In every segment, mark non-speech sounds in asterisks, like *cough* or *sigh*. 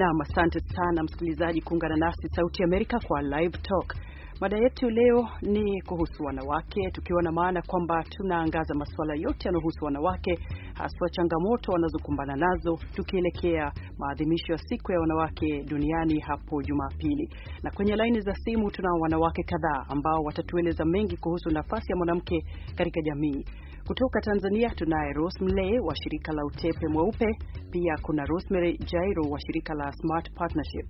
Naam, asante sana msikilizaji kuungana nasi Sauti Amerika kwa Live Talk. Mada yetu leo ni kuhusu wanawake, tukiwa na maana kwamba tunaangaza masuala yote yanayohusu wanawake, haswa changamoto wanazokumbana nazo, tukielekea maadhimisho ya siku ya wanawake duniani hapo Jumapili. Na kwenye laini za simu tunao wanawake kadhaa ambao watatueleza mengi kuhusu nafasi ya mwanamke katika jamii. Kutoka Tanzania tunaye Rose wa shirika la Utepe Mweupe, pia kuna Rosemary Jairo wa shirika la Smart Partnership.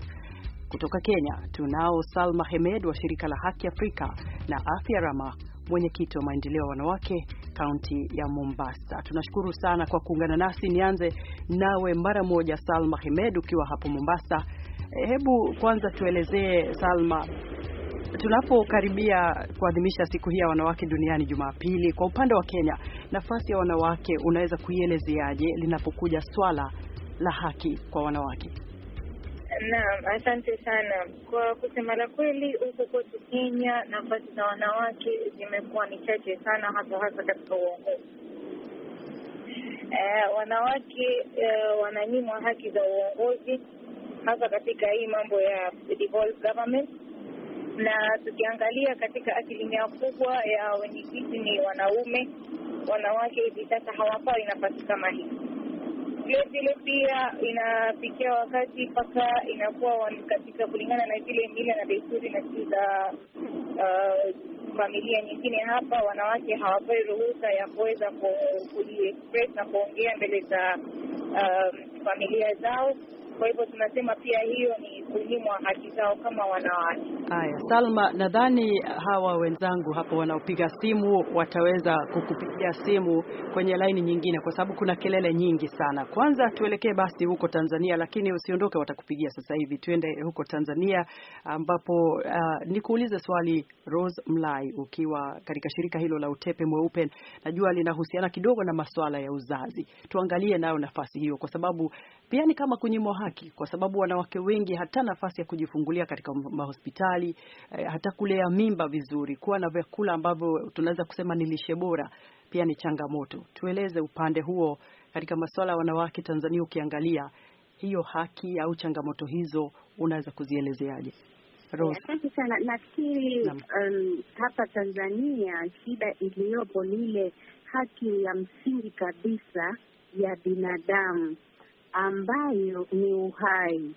Kutoka Kenya tunao Salma Hemed wa shirika la Haki Afrika na Afya Rama, mwenyekiti wa maendeleo ya wanawake kaunti ya Mombasa. Tunashukuru sana kwa kuungana nasi. Nianze nawe mara moja, Salma Hemed, ukiwa hapo Mombasa. Hebu kwanza tuelezee Salma, tunapokaribia kuadhimisha siku hii ya wanawake duniani Jumapili, kwa upande wa Kenya, nafasi ya wanawake unaweza kuielezeaje linapokuja swala la haki kwa wanawake? Naam, asante sana. Kwa kusema la kweli, huko kwetu Kenya nafasi za wanawake zimekuwa ni chache sana, hasa hasa katika uongozi. Eh, wanawake eh, wananyimwa haki za uongozi hasa katika hii mambo ya devolved government na tukiangalia katika asilimia kubwa ya wenyekiti ni wanaume, wanawake hivi sasa hawapawi nafasi kama hii. vile pia inafikia wakati mpaka inakuwa katika kulingana na zile mila na desturi na si za uh, familia nyingine hapa, wanawake hawapewi ruhusa ya kuweza kujiexpress na kuongea mbele za uh, familia zao kwa hivyo tunasema pia hiyo ni kunyimwa haki zao kama wanawake. Haya, Salma, nadhani hawa wenzangu hapo wanaopiga simu wataweza kukupigia simu kwenye laini nyingine, kwa sababu kuna kelele nyingi sana. Kwanza tuelekee basi huko Tanzania, lakini usiondoke, watakupigia sasa hivi. Tuende huko Tanzania ambapo uh, nikuulize swali Rose Mlai, ukiwa katika shirika hilo la Utepe Mweupe, najua linahusiana kidogo na masuala ya uzazi. Tuangalie nayo nafasi hiyo, kwa sababu pia ni kama kunyimwa haki, kwa sababu wanawake wengi hata nafasi ya kujifungulia katika mahospitali eh, hata kulea mimba vizuri, kuwa na vyakula ambavyo tunaweza kusema ni lishe bora pia ni changamoto. Tueleze upande huo katika masuala ya wanawake Tanzania, ukiangalia hiyo haki au changamoto hizo unaweza kuzielezeaje? Eh, asante sana. Nafikiri um, hapa Tanzania shida iliyopo ni ile haki ya msingi kabisa ya binadamu ambayo ni uhai.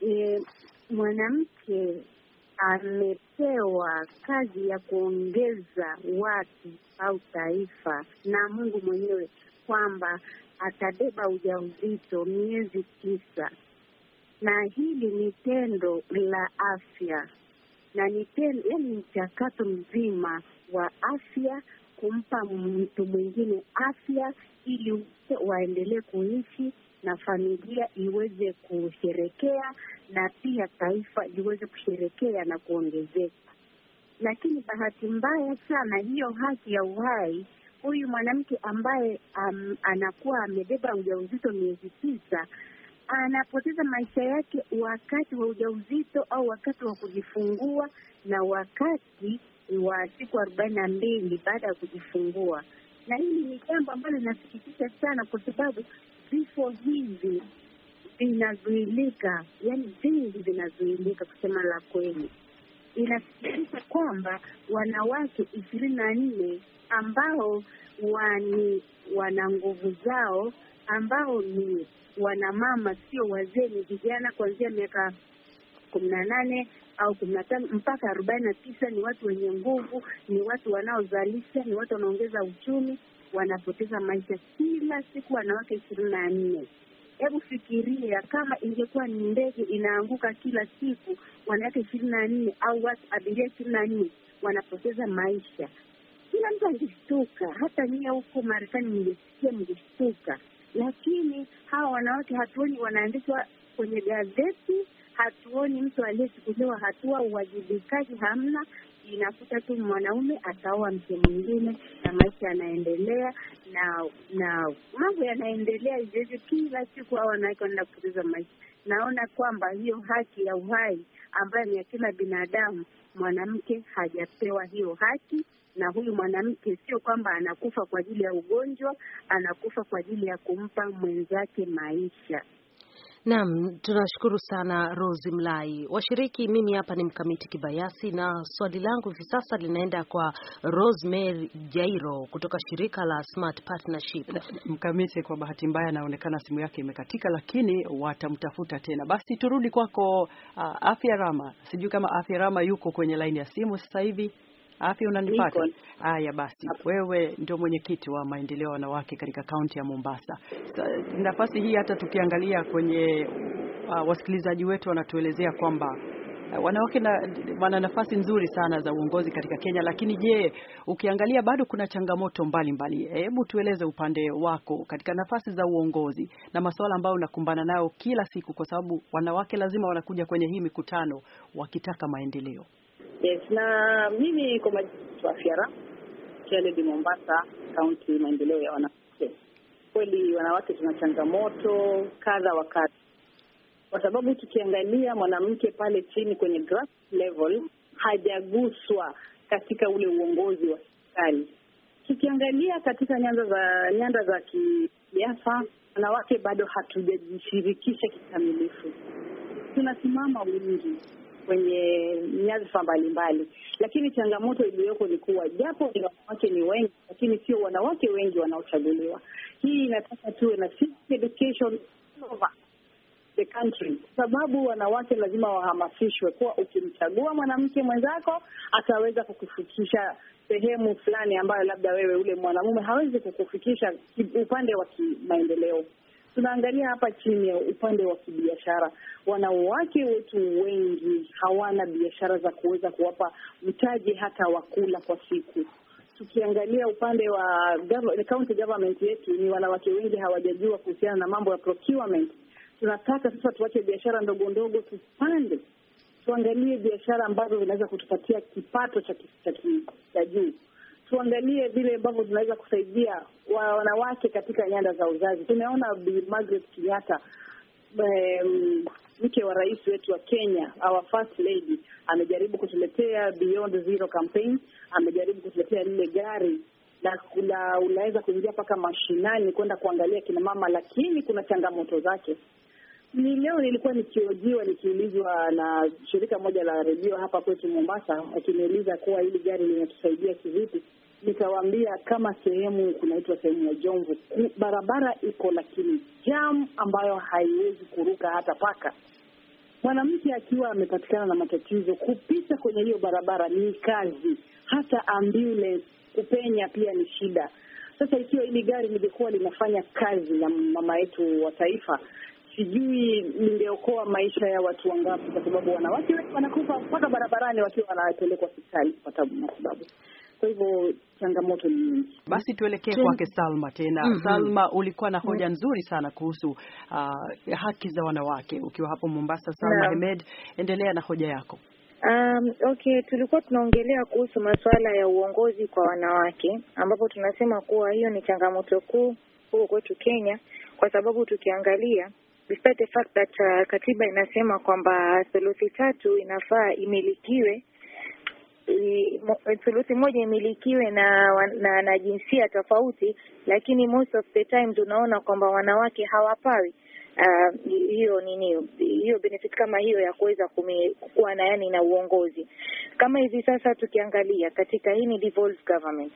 E, mwanamke amepewa kazi ya kuongeza watu au taifa na Mungu mwenyewe kwamba atabeba ujauzito miezi tisa, na hili ni tendo la afya na ni tendo, yaani mchakato mzima wa afya kumpa mtu mwingine afya ili waendelee kuishi na familia iweze kusherekea na pia taifa liweze kusherekea na kuongezeka. Lakini bahati mbaya sana, hiyo haki ya uhai, huyu mwanamke ambaye um, anakuwa amebeba ujauzito miezi tisa anapoteza maisha yake wakati wa ujauzito au wakati wa kujifungua na wakati wa siku arobaini na mbili baada ya kujifungua. Na hili ni jambo ambalo linasikitisha sana, kwa sababu vifo hivi vinazuilika, yani vingi vinazuilika, kusema la kweli. Inafikirika kwamba wanawake ishirini na nne ambao wani wana nguvu zao, ambao ni wanamama, sio wazee, ni vijana kuanzia miaka kumi na nane au kumi na tano mpaka arobaini na tisa. Ni watu wenye nguvu, ni watu wanaozalisha, ni watu wanaongeza uchumi wanapoteza maisha kila siku wanawake ishirini na nne. Hebu fikiria kama ingekuwa ni ndege inaanguka kila siku wanawake ishirini na nne au watu abiria ishirini na nne wanapoteza maisha, kila mtu angeshtuka. Hata nyie huko Marekani mngesikia, mngeshtuka, lakini hawa wanawake hatuoni wanaandikwa kwenye gazeti, hatuoni mtu aliyechukuliwa hatua, uwajibikaji hamna, inakuta tu mwanaume akaoa mke mwingine na maisha yanaendelea na na mambo yanaendelea hivyohivyo kila siku hao wanawake wanaenda kupoteza maisha. Naona kwamba hiyo haki ya uhai ambayo ni ya kila binadamu, mwanamke hajapewa hiyo haki, na huyu mwanamke sio kwamba anakufa kwa ajili ya ugonjwa, anakufa kwa ajili ya kumpa mwenzake maisha. Naam, tunashukuru sana Rose Mlai. Washiriki, mimi hapa ni Mkamiti Kibayasi na swali langu hivi sasa linaenda kwa Rosemary Jairo kutoka shirika la Smart Partnership. Mkamiti, kwa bahati mbaya anaonekana simu yake imekatika, lakini watamtafuta tena. Basi turudi kwako, uh, Afya Rama. Sijui kama Afya Rama yuko kwenye laini ya simu sasa hivi. Afya unanipata? Haya basi, wewe ndio mwenyekiti wa maendeleo ya wanawake katika kaunti ya Mombasa. Nafasi hii hata tukiangalia kwenye uh, wasikilizaji wetu wanatuelezea kwamba uh, wanawake na, wana nafasi nzuri sana za uongozi katika Kenya, lakini je, ukiangalia bado kuna changamoto mbalimbali. Hebu tueleze upande wako katika nafasi za uongozi na masuala ambayo unakumbana nayo kila siku, kwa sababu wanawake lazima wanakuja kwenye hii mikutano wakitaka maendeleo. Yes, na mimi kwa majina Fiara Kennedy Mombasa, kaunti maendeleo ya wanawake. Kweli wanawake tuna changamoto kadha wa kadha, kwa sababu tukiangalia mwanamke pale chini kwenye grass level hajaguswa katika ule uongozi wa serikali. Tukiangalia katika nyanda za nyanda za kisiasa, wanawake bado hatujajishirikisha kikamilifu, tunasimama wingi kwenye nyadhifa mbalimbali, lakini changamoto iliyoko ni kuwa japo ni wanawake ni wengi, lakini sio wanawake wengi wanaochaguliwa. Hii inataka tuwe na education the country, kwa sababu wanawake lazima wahamasishwe kuwa ukimchagua mwanamke mwenzako ataweza kukufikisha sehemu fulani ambayo labda wewe ule mwanamume hawezi kukufikisha upande wa kimaendeleo tunaangalia hapa chini ya upande wa kibiashara, wanawake wetu wengi hawana biashara za kuweza kuwapa mtaji hata wa kula kwa siku. Tukiangalia upande wa county government yetu, ni wanawake wengi hawajajua kuhusiana na mambo ya procurement. Tunataka sasa tuache biashara ndogo ndogo, tupande tuangalie biashara ambazo zinaweza kutupatia kipato cha juu tuangalie vile ambavyo tunaweza kusaidia wanawake katika nyanda za uzazi. Tumeona Bi Margaret Kenyatta um, mke wa rais wetu wa Kenya, our first lady, amejaribu kutuletea Beyond Zero campaign, amejaribu kutuletea lile gari na unaweza kuingia mpaka mashinani kwenda kuangalia kina mama, lakini kuna changamoto zake. Ni leo nilikuwa nikiojiwa nikiulizwa na shirika moja la redio hapa kwetu Mombasa, akiniuliza kuwa hili gari linatusaidia kivipi. Nikawaambia kama sehemu kunaitwa sehemu ya Jomvu, barabara iko lakini jam ambayo haiwezi kuruka hata paka. Mwanamke akiwa amepatikana na matatizo, kupita kwenye hiyo barabara ni kazi, hata ambulance kupenya pia ni shida. Sasa ikiwa hili gari lingekuwa linafanya kazi na mama yetu wa taifa, sijui lingeokoa maisha ya watu wangapi, kwa sababu wanawake wengi wanakufa mpaka barabarani wakiwa wanapelekwa hospitali kupata matibabu. Kwa hivyo changamoto ni nyingi. Basi tuelekee kwake Salma tena. mm -hmm. Salma, ulikuwa na hoja mm-hmm. nzuri sana kuhusu uh, haki za wanawake ukiwa hapo Mombasa. Salma Ahmed, endelea na hoja yako. Um, okay, tulikuwa tunaongelea kuhusu masuala ya uongozi kwa wanawake ambapo tunasema kuwa hiyo ni changamoto kuu huko kwetu Kenya, kwa sababu tukiangalia despite the fact that uh, katiba inasema kwamba theluthi tatu inafaa imilikiwe theluthi moja imilikiwe na, na na jinsia tofauti, lakini most of the time tunaona kwamba wanawake hawapawi uh, hiyo nini hiyo benefit kama hiyo ya kuweza kuwa na yani na uongozi kama hivi sasa. Tukiangalia katika hii ni devolved government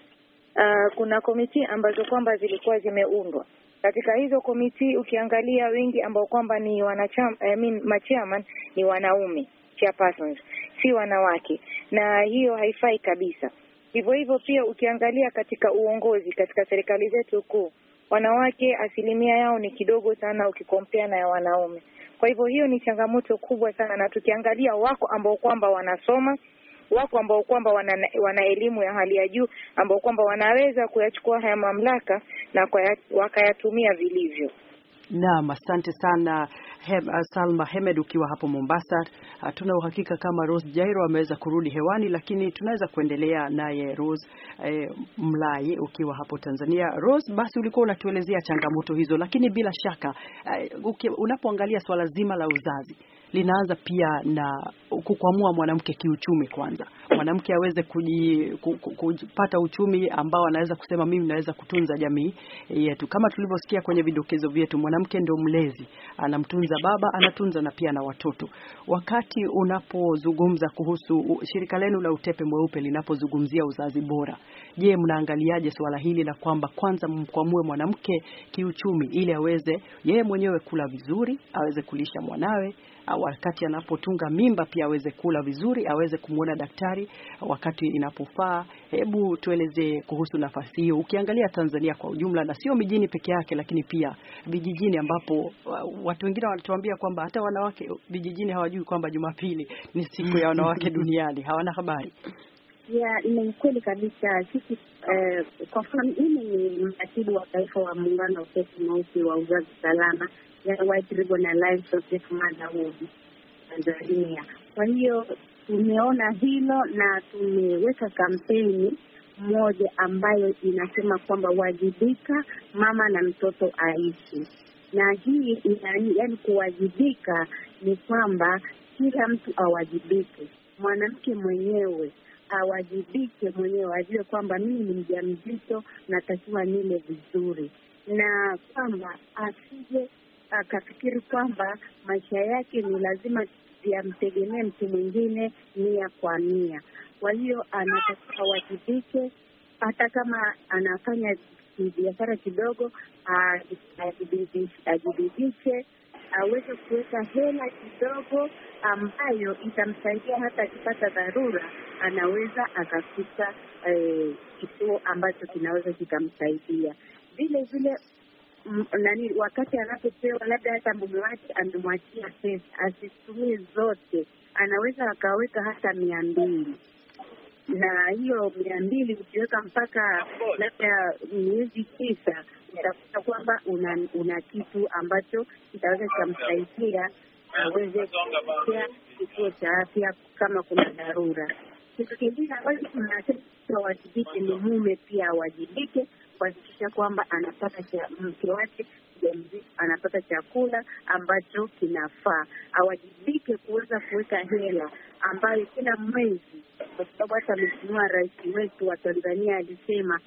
uh, kuna komiti ambazo kwamba zilikuwa zimeundwa katika hizo komiti ukiangalia wengi ambao kwamba ni wanachama, I mean, machairman ni wanaume chairpersons, si wanawake, na hiyo haifai kabisa. Hivyo hivyo pia ukiangalia katika uongozi katika serikali zetu kuu, wanawake asilimia yao ni kidogo sana ukikompea na ya wanaume. Kwa hivyo hiyo ni changamoto kubwa sana, na tukiangalia wako ambao kwamba wanasoma wako ambao kwamba wana, wana elimu ya hali ya juu ambao kwamba wanaweza kuyachukua haya mamlaka na wakayatumia vilivyo. Naam, asante sana Hem, uh, Salma Hemed ukiwa hapo Mombasa. Hatuna uh, uhakika kama Rose Jairo ameweza kurudi hewani, lakini tunaweza kuendelea naye Rose eh, Mlai ukiwa hapo Tanzania. Rose, basi ulikuwa unatuelezea changamoto hizo, lakini bila shaka eh, unapoangalia swala zima la uzazi linaanza pia na kukwamua mwanamke kiuchumi. Kwanza mwanamke aweze kupata uchumi ambao anaweza kusema mimi naweza kutunza jamii yetu. Kama tulivyosikia kwenye vidokezo vyetu, mwanamke ndio mlezi, anamtunza baba, anatunza na pia na watoto. Wakati unapozungumza kuhusu shirika lenu la Utepe Mweupe linapozungumzia uzazi bora, je, mnaangaliaje swala hili la kwamba kwanza mkwamue mwanamke kiuchumi ili aweze yeye mwenyewe kula vizuri, aweze kulisha mwanawe wakati anapotunga mimba pia aweze kula vizuri, aweze kumwona daktari wakati inapofaa. Hebu tueleze kuhusu nafasi hiyo, ukiangalia Tanzania kwa ujumla, na sio mijini peke yake, lakini pia vijijini, ambapo uh, watu wengine wanatuambia kwamba hata wanawake vijijini hawajui kwamba Jumapili ni siku ya wanawake *laughs* duniani, hawana habari ya ni ukweli kabisa. Sisi eh, kwa mfano, mimi ni mratibu wa taifa wa muungano wa kesi mweusi wa uzazi salama, yani White Ribbon Alliance Safe Motherhood Tanzania. Kwa hiyo tumeona hilo na tumeweka kampeni moja ambayo inasema kwamba wajibika, mama na mtoto aishi. Na hii yaani, kuwajibika ni kwamba kila mtu awajibike, mwanamke mwenyewe awajibike mwenyewe, ajue kwamba mimi ni mja mzito, natakiwa nile vizuri, na kwamba asije akafikiri kwamba maisha yake ni lazima yamtegemee mtu mwingine mia kwa mia. Kwa hiyo anatakiwa awajibike, hata kama anafanya kibiashara kidogo ajibidishe aweze kuweka hela kidogo ambayo itamsaidia hata akipata dharura anaweza akakuta eh, kituo ambacho kinaweza kikamsaidia vile vile mm, nani wakati anapopewa labda hata mume wake amemwachia pesa asitumie zote, anaweza akaweka hata mia mbili na hiyo mia mbili ukiweka mpaka labda miezi tisa tafuta kwamba una, una kitu ambacho kitaweza kikamsaidia aweze kuelekea kituo cha afya kama kuna dharura. Kitu kingine ambacho wajibike ni mume pia awajibike kuhakikisha kwamba anapata cha mke wake anapata chakula ambacho kinafaa. Awajibike kuweza kuweka hela ambayo kila mwezi, kwa sababu hata Mheshimiwa Rais wetu wa Tanzania alisema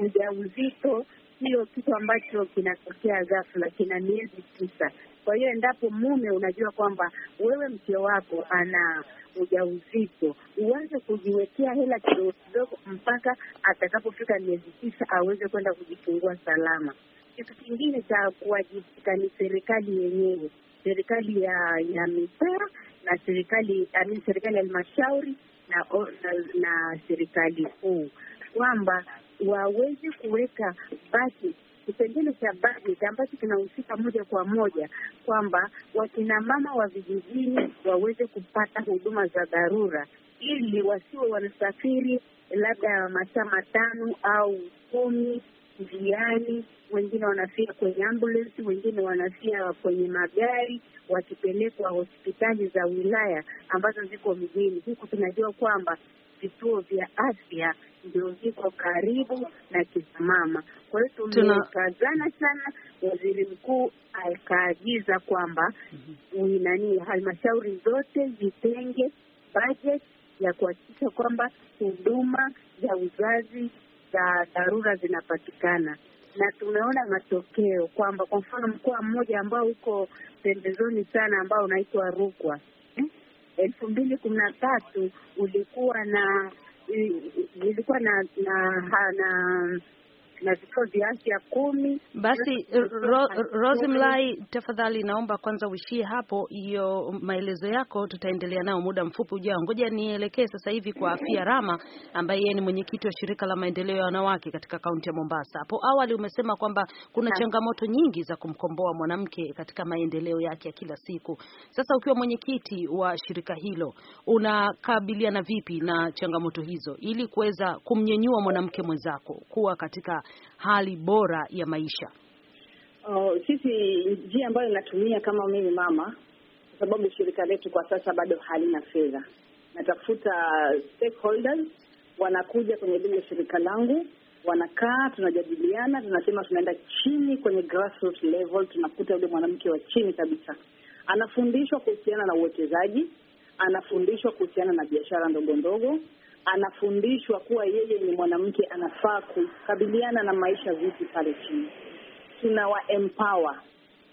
ujauzito sio kitu ambacho kinatokea ghafla, kina miezi tisa. Kwa hiyo endapo mume unajua kwamba wewe mke wako ana ujauzito, uanze kujiwekea hela kidogo kidogo mpaka atakapofika miezi tisa aweze kwenda kujifungua salama. Kitu kingine cha kuwajibika ni serikali yenyewe, serikali ya ya mitaa na serikali serikali ya halmashauri na, na, na serikali kuu kwamba waweze kuweka basi kipengele cha bajeti ambacho kinahusika moja kwa moja kwamba wakinamama wa vijijini waweze kupata huduma za dharura, ili wasiwe wanasafiri labda masaa matano au kumi njiani. Wengine wanafia kwenye ambulensi, wengine wanafia kwenye magari wakipelekwa hospitali za wilaya ambazo ziko mjini. Huku tunajua kwamba vituo vya afya ndio viko karibu na kisimama. Kwa hiyo tumekazana sana, waziri mkuu akaagiza kwamba mm -hmm. nani halmashauri zote zitenge budget ya kuhakikisha kwamba huduma za uzazi za dharura zinapatikana, na tumeona matokeo kwamba kwa mfano mkoa mmoja ambao uko pembezoni sana ambao unaitwa Rukwa elfu mbili kumi na tatu ulikuwa na ilikuwa na na, na, na tunachukua viazi ya kumi. Basi uh, ro, tafadhali naomba kwanza uishie hapo. Hiyo maelezo yako tutaendelea nayo muda mfupi ujao. Ngoja nielekee sasa hivi kwa Afia Rama ambaye yeye ni mwenyekiti wa shirika la maendeleo ya wanawake katika kaunti ya Mombasa. Hapo awali umesema kwamba kuna changamoto nyingi za kumkomboa mwanamke katika maendeleo yake ya kila siku. Sasa ukiwa mwenyekiti wa shirika hilo, unakabiliana vipi na changamoto hizo ili kuweza kumnyenyua mwanamke mwenzako kuwa katika hali bora ya maisha? Oh, sisi njia ambayo inatumia kama mimi mama, kwa sababu shirika letu kwa sasa bado halina fedha, natafuta stakeholders, wanakuja kwenye lile shirika langu wanakaa tunajadiliana, tunasema tunaenda chini kwenye grassroots level, tunakuta yule mwanamke wa chini kabisa anafundishwa kuhusiana na uwekezaji, anafundishwa kuhusiana na biashara ndogo ndogo, anafundishwa kuwa yeye ni mwanamke, anafaa kukabiliana na maisha vipi pale chini. wa empower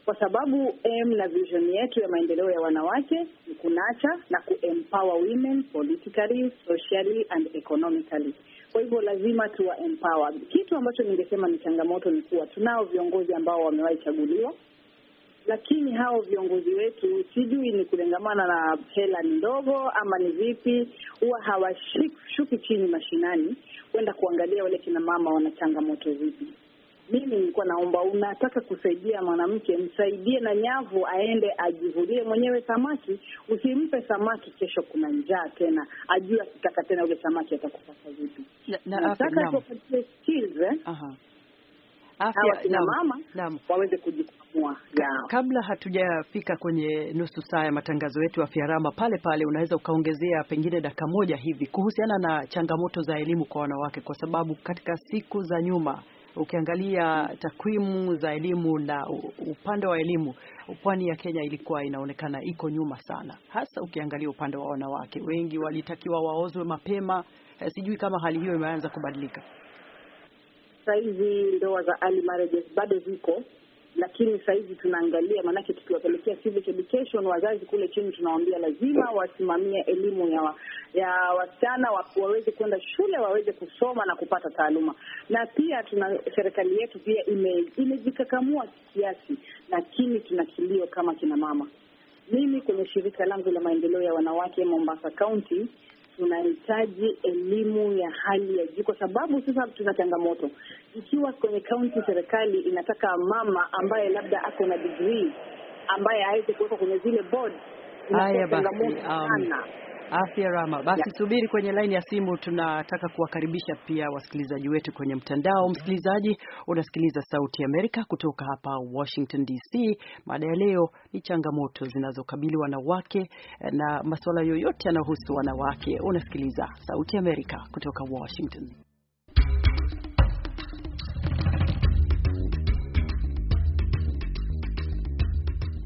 kwa sababu m na vision yetu ya maendeleo ya wanawake ni kunacha na kuempower women politically, socially and economically. Kwa hivyo lazima tuwa empower. Kitu ambacho ningesema ni changamoto ni kuwa tunao viongozi ambao wamewahi chaguliwa lakini hao viongozi wetu, sijui ni kulengamana na hela ni ndogo ama ni vipi, huwa hawashuki chini mashinani kwenda kuangalia wale kina mama wana changamoto vipi. Mimi nilikuwa naomba, unataka kusaidia mwanamke, msaidie na nyavu aende ajivulie mwenyewe samaki. Usimpe samaki, kesho kuna njaa tena, ajue akitaka tena ule samaki atakupata vipi. Nataka tupatie skills eh afya na mama naam, waweze kujikamua yao. Kabla hatujafika kwenye nusu saa ya matangazo yetu ya afya rama, pale pale unaweza ukaongezea pengine dakika moja hivi kuhusiana na changamoto za elimu kwa wanawake, kwa sababu katika siku za nyuma ukiangalia takwimu za elimu na upande wa elimu, pwani ya Kenya ilikuwa inaonekana iko nyuma sana, hasa ukiangalia upande wa wanawake. Wengi walitakiwa waozwe mapema. Eh, sijui kama hali hiyo imeanza kubadilika sahizi ndoa za early marriages bado ziko, lakini sahizi tunaangalia, maanake tukiwapelekea civic education wazazi kule chini, tunawaambia lazima wasimamie elimu ya wa, ya wasichana waweze kwenda shule waweze kusoma na kupata taaluma. Na pia tuna serikali yetu pia imejikakamua ime kiasi, lakini tuna kilio kama kina mama. Mimi kwenye shirika langu la maendeleo ya wanawake Mombasa County tunahitaji elimu ya hali ya juu, kwa sababu sasa tuna changamoto. Ikiwa kwenye kaunti serikali inataka mama ambaye labda ako na digrii ambaye aweze kuwekwa kwenye zile board, ina changamoto um, sana. Afya Rama. Basi yeah, subiri kwenye laini ya simu. Tunataka kuwakaribisha pia wasikilizaji wetu kwenye mtandao. Msikilizaji, unasikiliza Sauti ya Amerika kutoka hapa Washington DC. Mada ya leo ni changamoto zinazokabili wanawake na eh, masuala yoyote yanayohusu wanawake. Unasikiliza Sauti ya Amerika kutoka Washington.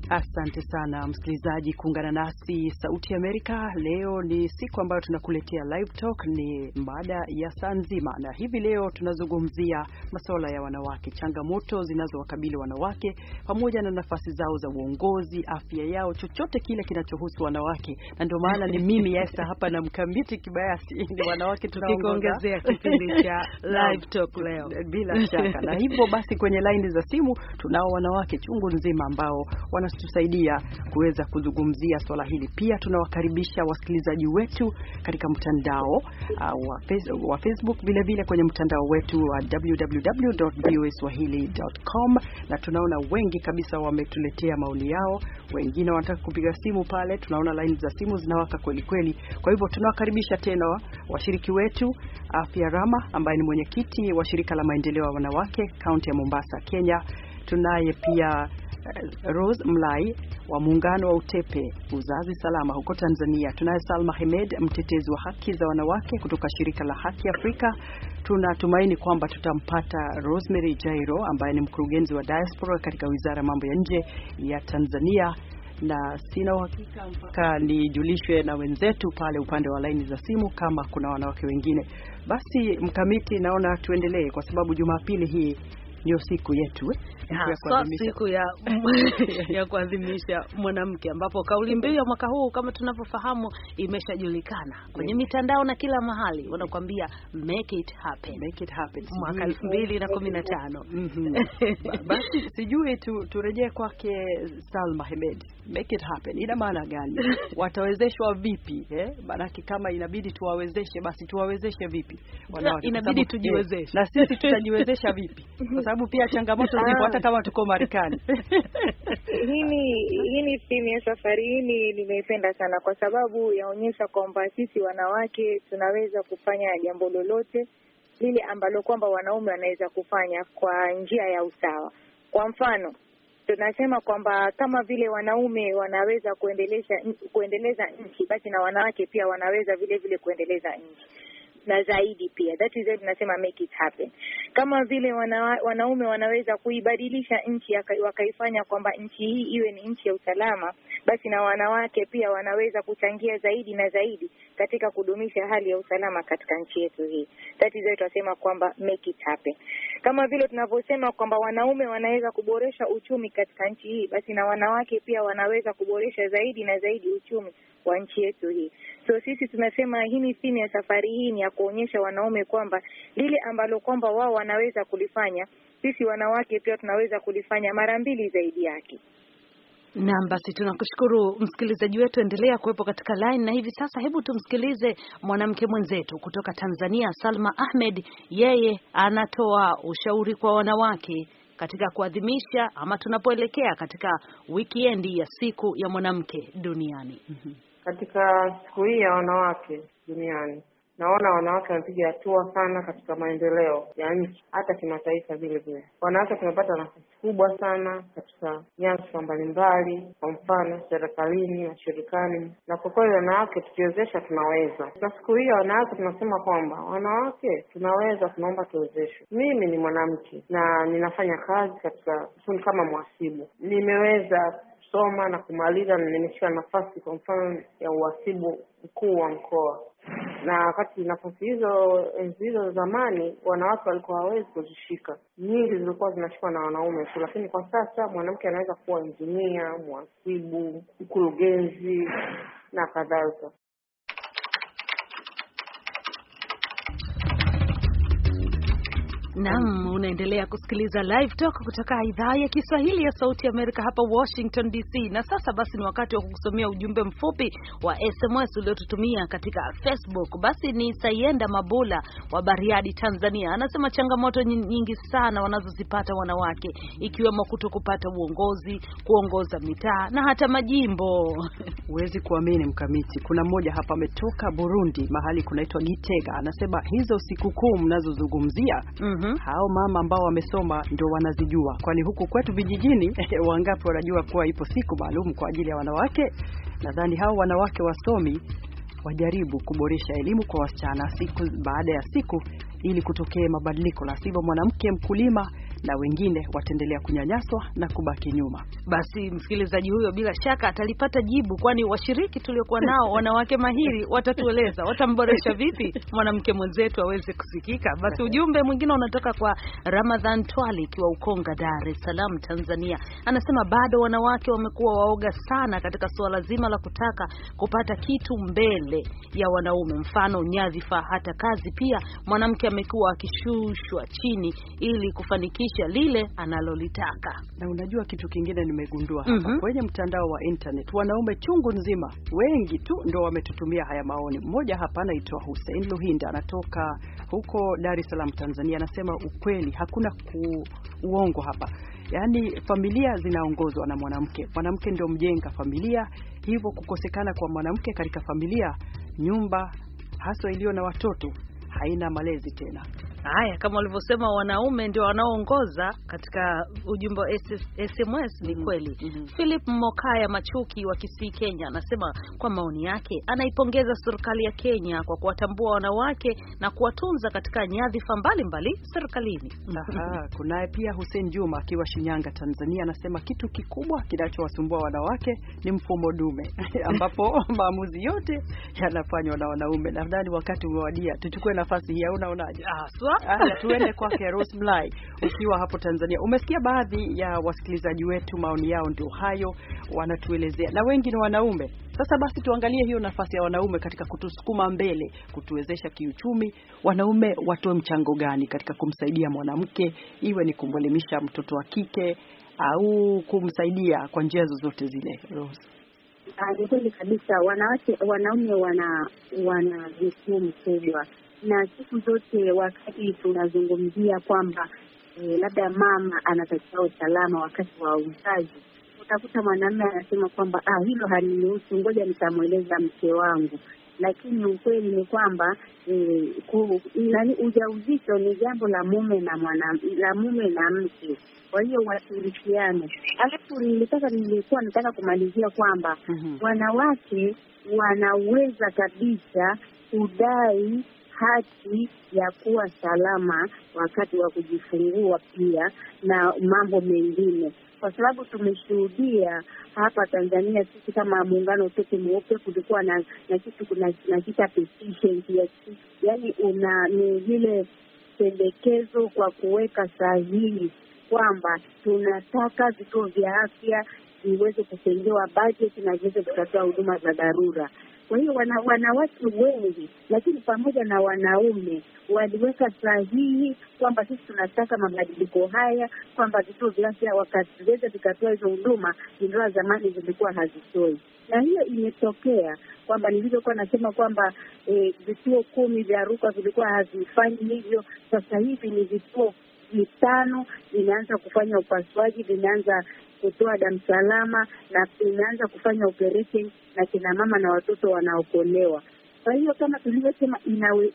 Asante sana msikilizaji kuungana nasi Sauti Amerika. Leo ni siku ambayo tunakuletea live talk, ni mada ya saa nzima, na hivi leo tunazungumzia masuala ya wanawake, changamoto zinazowakabili wanawake pamoja na nafasi zao za uongozi, afya yao, chochote kile kinachohusu wanawake. Na ndio maana ni mimi Yasa hapa na Mkamiti Kibayasi, ni wanawake tukikuongezea kipindi cha *laughs* live talk leo bila shaka. Na hivyo basi, kwenye laini za simu tunao wanawake chungu nzima ambao wana kutusaidia kuweza kuzungumzia swala hili. Pia tunawakaribisha wasikilizaji wetu katika mtandao uh, wa, face, wa Facebook vile vile kwenye mtandao wetu wa www.voaswahili.com, na tunaona wengi kabisa wametuletea maoni yao, wengine wanataka kupiga simu pale, tunaona laini za simu zinawaka kweli kweli. Kwa hivyo tunawakaribisha tena washiriki wetu Afya uh, Rama ambaye ni mwenyekiti wa shirika la maendeleo ya wanawake kaunti ya Mombasa, Kenya. Tunaye pia Rose Mlai wa muungano wa Utepe Uzazi Salama huko Tanzania. Tunaye Salma Hemed, mtetezi wa haki za wanawake kutoka shirika la Haki Afrika. Tunatumaini kwamba tutampata Rosemary Jairo ambaye ni mkurugenzi wa diaspora katika Wizara ya Mambo ya Nje ya Tanzania na sina uhakika mpaka nijulishwe na wenzetu pale upande wa laini za simu kama kuna wanawake wengine. Basi mkamiti, naona tuendelee, kwa sababu Jumapili hii ndio siku yetu eh? ah, siku ya *laughs* ya kuadhimisha mwanamke, ambapo kauli mbiu ya mwaka huu kama tunavyofahamu imeshajulikana kwenye mitandao na kila mahali, wanakuambia make it happen, make it happen, mwaka 2015. Mm-hmm. Mm-hmm. Basi sijui tu, turejee kwake Salma Hemed, make it happen ina maana gani? *laughs* watawezeshwa vipi eh? Maanake kama inabidi tuwawezeshe, basi tuwawezeshe vipi wanawake? Inabidi eh, tujiwezeshe, na sisi tutajiwezesha vipi? *laughs* kwa sababu pia changamoto ah. zipo hata kama tuko Marekani. Hii ni simu ya safari hii nimeipenda sana kwa sababu yaonyesha kwamba sisi wanawake tunaweza kufanya jambo lolote lile ambalo kwamba wanaume wanaweza kufanya kwa njia ya usawa. Kwa mfano, tunasema kwamba kama vile wanaume wanaweza kuendeleza kuendeleza nchi, basi na wanawake pia wanaweza vile vile kuendeleza nchi na zaidi pia. That is why tunasema make it happen. Kama vile wana, wanaume wanaweza kuibadilisha nchi wakaifanya kwamba nchi hii iwe ni nchi ya usalama, basi na wanawake pia wanaweza kuchangia zaidi na zaidi katika kudumisha hali ya usalama katika nchi yetu hii. That is why tunasema kwamba make it happen. Kama vile tunavyosema kwamba wanaume wanaweza kuboresha uchumi katika nchi hii, basi na wanawake pia wanaweza kuboresha zaidi na zaidi uchumi wa nchi yetu hii. So sisi tunasema hii ni sini ya safari hii ni ya kuonyesha wanaume kwamba lile ambalo kwamba wao wanaweza kulifanya, sisi wanawake pia tunaweza kulifanya mara mbili zaidi yake. Naam, basi tunakushukuru msikilizaji wetu, endelea kuwepo katika line. Na hivi sasa, hebu tumsikilize mwanamke mwenzetu kutoka Tanzania, Salma Ahmed. Yeye anatoa ushauri kwa wanawake katika kuadhimisha ama tunapoelekea katika wikiendi ya siku ya mwanamke duniani. Katika siku hii ya wanawake duniani Naona wanawake wanapiga hatua sana katika maendeleo ya nchi, hata kimataifa vile vile. Wanawake tumepata nafasi kubwa sana katika nyanja mbalimbali, kwa mfano serikalini, mashirikani, na kwa kweli wanawake tukiwezesha tunaweza. Na siku hiyo wanawake tunasema kwamba wanawake tunaweza, tunaomba tuwezeshwe. Mimi ni mwanamke na ninafanya kazi katika kama mwasibu, nimeweza soma na kumaliza na nimeshika nafasi kwa mfano ya uhasibu mkuu wa mkoa na wakati nafasi hizo enzi hizo zamani wanawake walikuwa hawawezi kuzishika, nyingi zilikuwa zinashikwa na wanaume tu, lakini kwa sasa mwanamke anaweza kuwa injinia, mwasibu mkurugenzi na kadhalika. Naam, unaendelea kusikiliza Live Talk kutoka idhaa ya Kiswahili ya Sauti ya Amerika hapa Washington DC. Na sasa basi ni wakati wa kukusomea ujumbe mfupi wa SMS uliotutumia katika Facebook. Basi ni Sayenda Mabula wa Bariadi, Tanzania, anasema changamoto nyingi sana wanazozipata wanawake, ikiwemo kuto kupata uongozi, kuongoza mitaa na hata majimbo. *laughs* Huwezi kuamini mkamiti, kuna mmoja hapa ametoka Burundi, mahali kunaitwa Gitega, anasema hizo sikukuu mnazozungumzia mm -hmm. -hmm. Hao mama ambao wamesoma ndio wanazijua, kwani huku kwetu vijijini *laughs* eh, wangapi wanajua kuwa ipo siku maalum kwa ajili ya wanawake? Nadhani hao wanawake wasomi wajaribu kuboresha elimu kwa wasichana siku baada ya siku, ili kutokee mabadiliko, la sivyo mwanamke mkulima na wengine wataendelea kunyanyaswa na kubaki nyuma. Basi msikilizaji huyo bila shaka atalipata jibu, kwani washiriki tuliokuwa nao *laughs* wanawake mahiri watatueleza watamboresha vipi mwanamke mwenzetu aweze kusikika. Basi ujumbe mwingine unatoka kwa Ramadhan Twali ikiwa Ukonga, Dar es Salaam, Tanzania. Anasema bado wanawake wamekuwa waoga sana katika suala zima la kutaka kupata kitu mbele ya wanaume, mfano nyadhifa, hata kazi pia mwanamke amekuwa akishushwa chini ili kufanikisha kujificha lile analolitaka. Na unajua kitu kingine nimegundua hapa, mm -hmm. kwenye mtandao wa internet wanaume chungu nzima wengi tu ndo wametutumia haya maoni. Mmoja hapa anaitwa Hussein Luhinda, anatoka huko Dar es Salaam, Tanzania, anasema ukweli, hakuna ku uongo hapa. Yaani, familia zinaongozwa na mwanamke. Mwanamke ndio mjenga familia, hivyo kukosekana kwa mwanamke katika familia, nyumba haswa iliyo na watoto haina malezi tena. Haya, kama walivyosema wanaume ndio wanaoongoza katika ujumbe wa SMS. Ni mm-hmm. kweli. mm -hmm. Philip Mokaya Machuki wa Kisii, Kenya, anasema kwa maoni yake, anaipongeza serikali ya Kenya kwa kuwatambua wanawake na kuwatunza katika nyadhifa mbalimbali serikalini. Kunaye pia Hussein Juma akiwa Shinyanga, Tanzania, anasema kitu kikubwa kinachowasumbua wanawake ni mfumo dume *laughs* ambapo *laughs* maamuzi yote yanafanywa na wanaume. Nadhani wakati umewadia tuchukue nafasi hii, unaonaje? Ah, Haya, *laughs* tuende kwake Rose Mlai ukiwa hapo Tanzania. Umesikia baadhi ya wasikilizaji wetu, maoni yao ndio hayo wanatuelezea, na wengi ni wanaume. Sasa basi tuangalie hiyo nafasi ya wanaume katika kutusukuma mbele, kutuwezesha kiuchumi. Wanaume watoe mchango gani katika kumsaidia mwanamke, iwe ni kumwelimisha mtoto wa kike au kumsaidia kwa njia zozote zile, Rose? Ah, ni kweli kabisa, wanawake wanaume wana wana jukumu kubwa na siku zote wakati tunazungumzia kwamba eh, labda mama anatakiwa usalama wakati wa uzazi, utakuta mwanaume anasema kwamba ah, hilo halinihusu, ngoja nitamweleza mke wangu. Lakini ukweli ni kwamba eh, ujauzito ni jambo la mume na mwana, la mume na mke, kwa hiyo washirikiane. Alafu nilitaka nilikuwa nataka kumalizia kwamba mm -hmm. wanawake wanaweza kabisa kudai haki ya kuwa salama wakati wa kujifungua pia na mambo mengine, kwa sababu tumeshuhudia hapa Tanzania sisi kama muungano tete mweupe, kulikuwa na na kitu nakita petition, yaani una ni vile pendekezo kwa kuweka sahihi kwamba tunataka vituo vya afya viweze kutengewa bajeti na viweze kutatoa huduma za dharura kwa hiyo wana, wanawake wengi lakini pamoja na wanaume waliweka sahihi kwamba sisi tunataka mabadiliko haya, kwamba vituo vya afya wakaviweza vikatoa hizo huduma ingawa zamani zilikuwa hazitoi, na hiyo imetokea kwamba nilivyokuwa nasema kwamba e, vituo kumi vya Rukwa vilikuwa havifanyi hivyo, sasa hivi ni vituo vitano vimeanza kufanya upasuaji, vimeanza kutoa damu salama na inaanza kufanya operation na kina mama na watoto wanaokolewa. Kwa hiyo kama tulivyosema, inawe,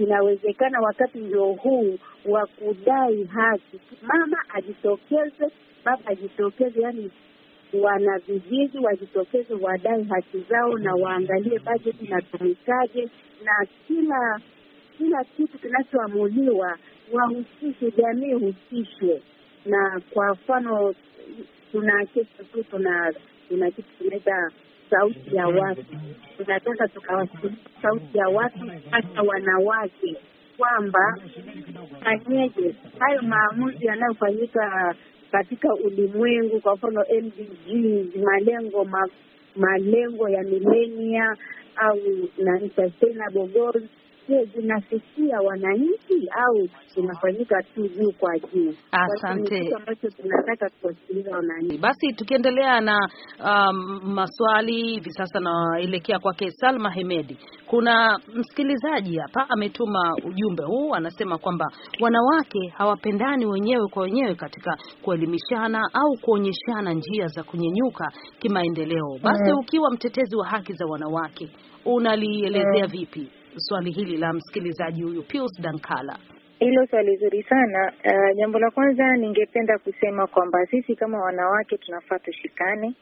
inawezekana wakati ndio huu wa kudai haki, mama ajitokeze, baba ajitokeze, yani wana vijiji wajitokeze, wadai haki zao na waangalie bajeti inatumikaje, na kila kila kitu kinachoamuliwa wahusishe, jamii husishwe. Na kwa mfano tuna kesho tu tuna tuna kitu tunaita sauti ya watu. Tunataka tukawasikiliza sauti ya watu, hata wanawake, kwamba fanyeje hayo maamuzi yanayofanyika katika ulimwengu, kwa mfano MDGs, malengo ma, malengo ya milenia au na sustainable goals Je, zinafikia wananchi au zinafanyika tu juu kwa juu? Asante, ambacho tunataka kuwasikiliza wananchi. Basi tukiendelea na um, maswali hivi sasa, naelekea kwake Salma Hemedi. Kuna msikilizaji hapa ametuma ujumbe huu, anasema kwamba wanawake hawapendani wenyewe kwa wenyewe katika kuelimishana au kuonyeshana njia za kunyenyuka kimaendeleo. Basi mm. ukiwa mtetezi wa haki za wanawake unalielezea mm. vipi? swali hili la msikilizaji huyu Pius Dankala. Hilo swali zuri sana. Uh, jambo la kwanza ningependa kusema kwamba sisi kama wanawake tunafaa tushikane,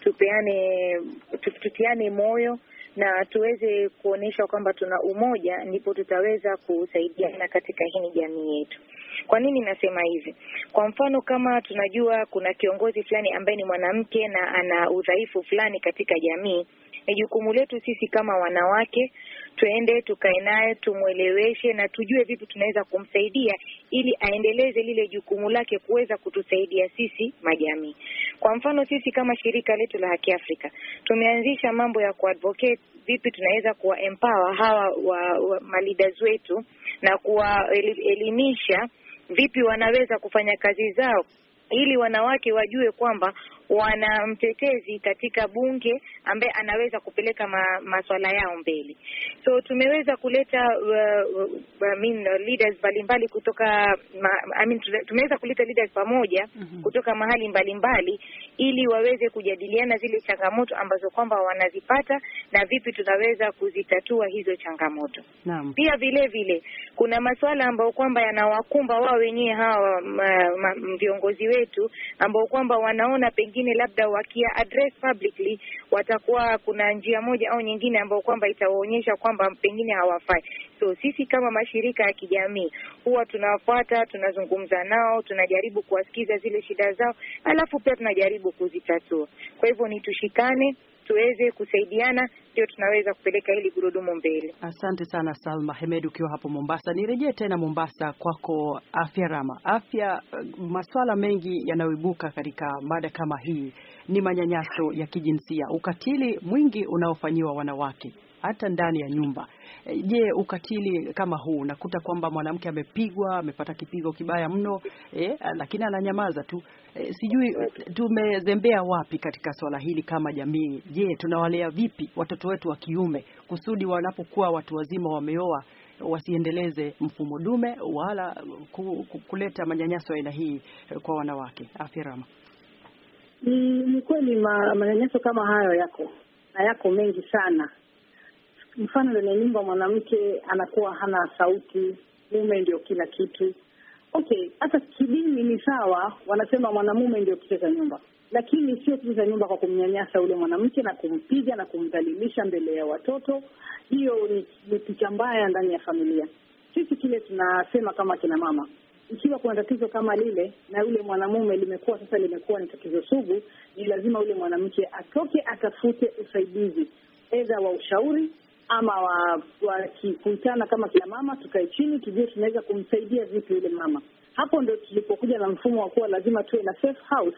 tupeane, tututiane moyo na tuweze kuonyesha kwamba tuna umoja, ndipo tutaweza kusaidiana katika hii jamii yetu. Kwa nini nasema hivi? Kwa mfano, kama tunajua kuna kiongozi fulani ambaye ni mwanamke na ana udhaifu fulani katika jamii, ni jukumu letu sisi kama wanawake twende tukae naye, tumweleweshe na tujue vipi tunaweza kumsaidia ili aendeleze lile jukumu lake kuweza kutusaidia sisi majamii. Kwa mfano, sisi kama shirika letu la Haki Afrika tumeanzisha mambo ya kuadvocate vipi tunaweza kuwa empower hawa wa, wa malidas wetu na kuwaelimisha vipi wanaweza kufanya kazi zao ili wanawake wajue kwamba wana mtetezi katika bunge ambaye anaweza kupeleka ma, maswala yao mbele. So tumeweza kuleta uh, uh, I mean, leaders mbalimbali kutoka ma, I mean, tumeweza kuleta leaders pamoja mm -hmm. kutoka mahali mbalimbali mbali, ili waweze kujadiliana zile changamoto ambazo kwamba wanazipata na vipi tunaweza kuzitatua hizo changamoto. Naam. Pia vile vile kuna masuala ambayo kwamba yanawakumba wao wenyewe hawa viongozi wetu ambao kwamba wanaona pengine lakini labda wakia address publicly watakuwa kuna njia moja au nyingine ambayo kwamba itawaonyesha kwamba pengine hawafai. So sisi kama mashirika ya kijamii huwa tunawafuata, tunazungumza nao, tunajaribu kuwasikiza zile shida zao, alafu pia tunajaribu kuzitatua. Kwa hivyo ni tushikane tuweze kusaidiana, ndio tunaweza kupeleka hili gurudumu mbele. Asante sana Salma Hemed ukiwa hapo Mombasa. Nirejee tena Mombasa kwako Afya Rama. Afya, maswala mengi yanayoibuka katika mada kama hii ni manyanyaso ya kijinsia, ukatili mwingi unaofanyiwa wanawake hata ndani ya nyumba. Eh, je, ukatili kama huu unakuta kwamba mwanamke amepigwa, amepata kipigo kibaya mno e, lakini ananyamaza tu e, sijui tumezembea wapi katika swala hili kama jamii? Je, tunawalea vipi watoto wetu wa kiume kusudi wanapokuwa watu wazima wameoa wasiendeleze mfumo dume wala ku, ku, kuleta manyanyaso aina hii kwa wanawake. Afirama, mm, ni mm, kweli manyanyaso kama hayo yako na yako mengi sana mfano lenye nyumba mwanamke anakuwa hana sauti, mume ndio kila kitu. Okay, hata kidini ni sawa, wanasema mwanamume ndio kichwa cha nyumba, lakini sio kichwa cha nyumba kwa kumnyanyasa ule mwanamke na kumpiga na kumdhalilisha mbele ya watoto. Hiyo ni, ni picha mbaya ndani ya familia. Sisi kile tunasema kama kina mama, ikiwa kuna tatizo kama lile na yule mwanamume limekuwa sasa, limekuwa ni tatizo sugu, ni lazima yule mwanamke atoke, atafute usaidizi, edha wa ushauri ama wakikutana wa kama kina mama, tukae chini tujue tunaweza kumsaidia vipi yule mama. Hapo ndo tulipokuja na mfumo wa kuwa lazima tuwe na safe house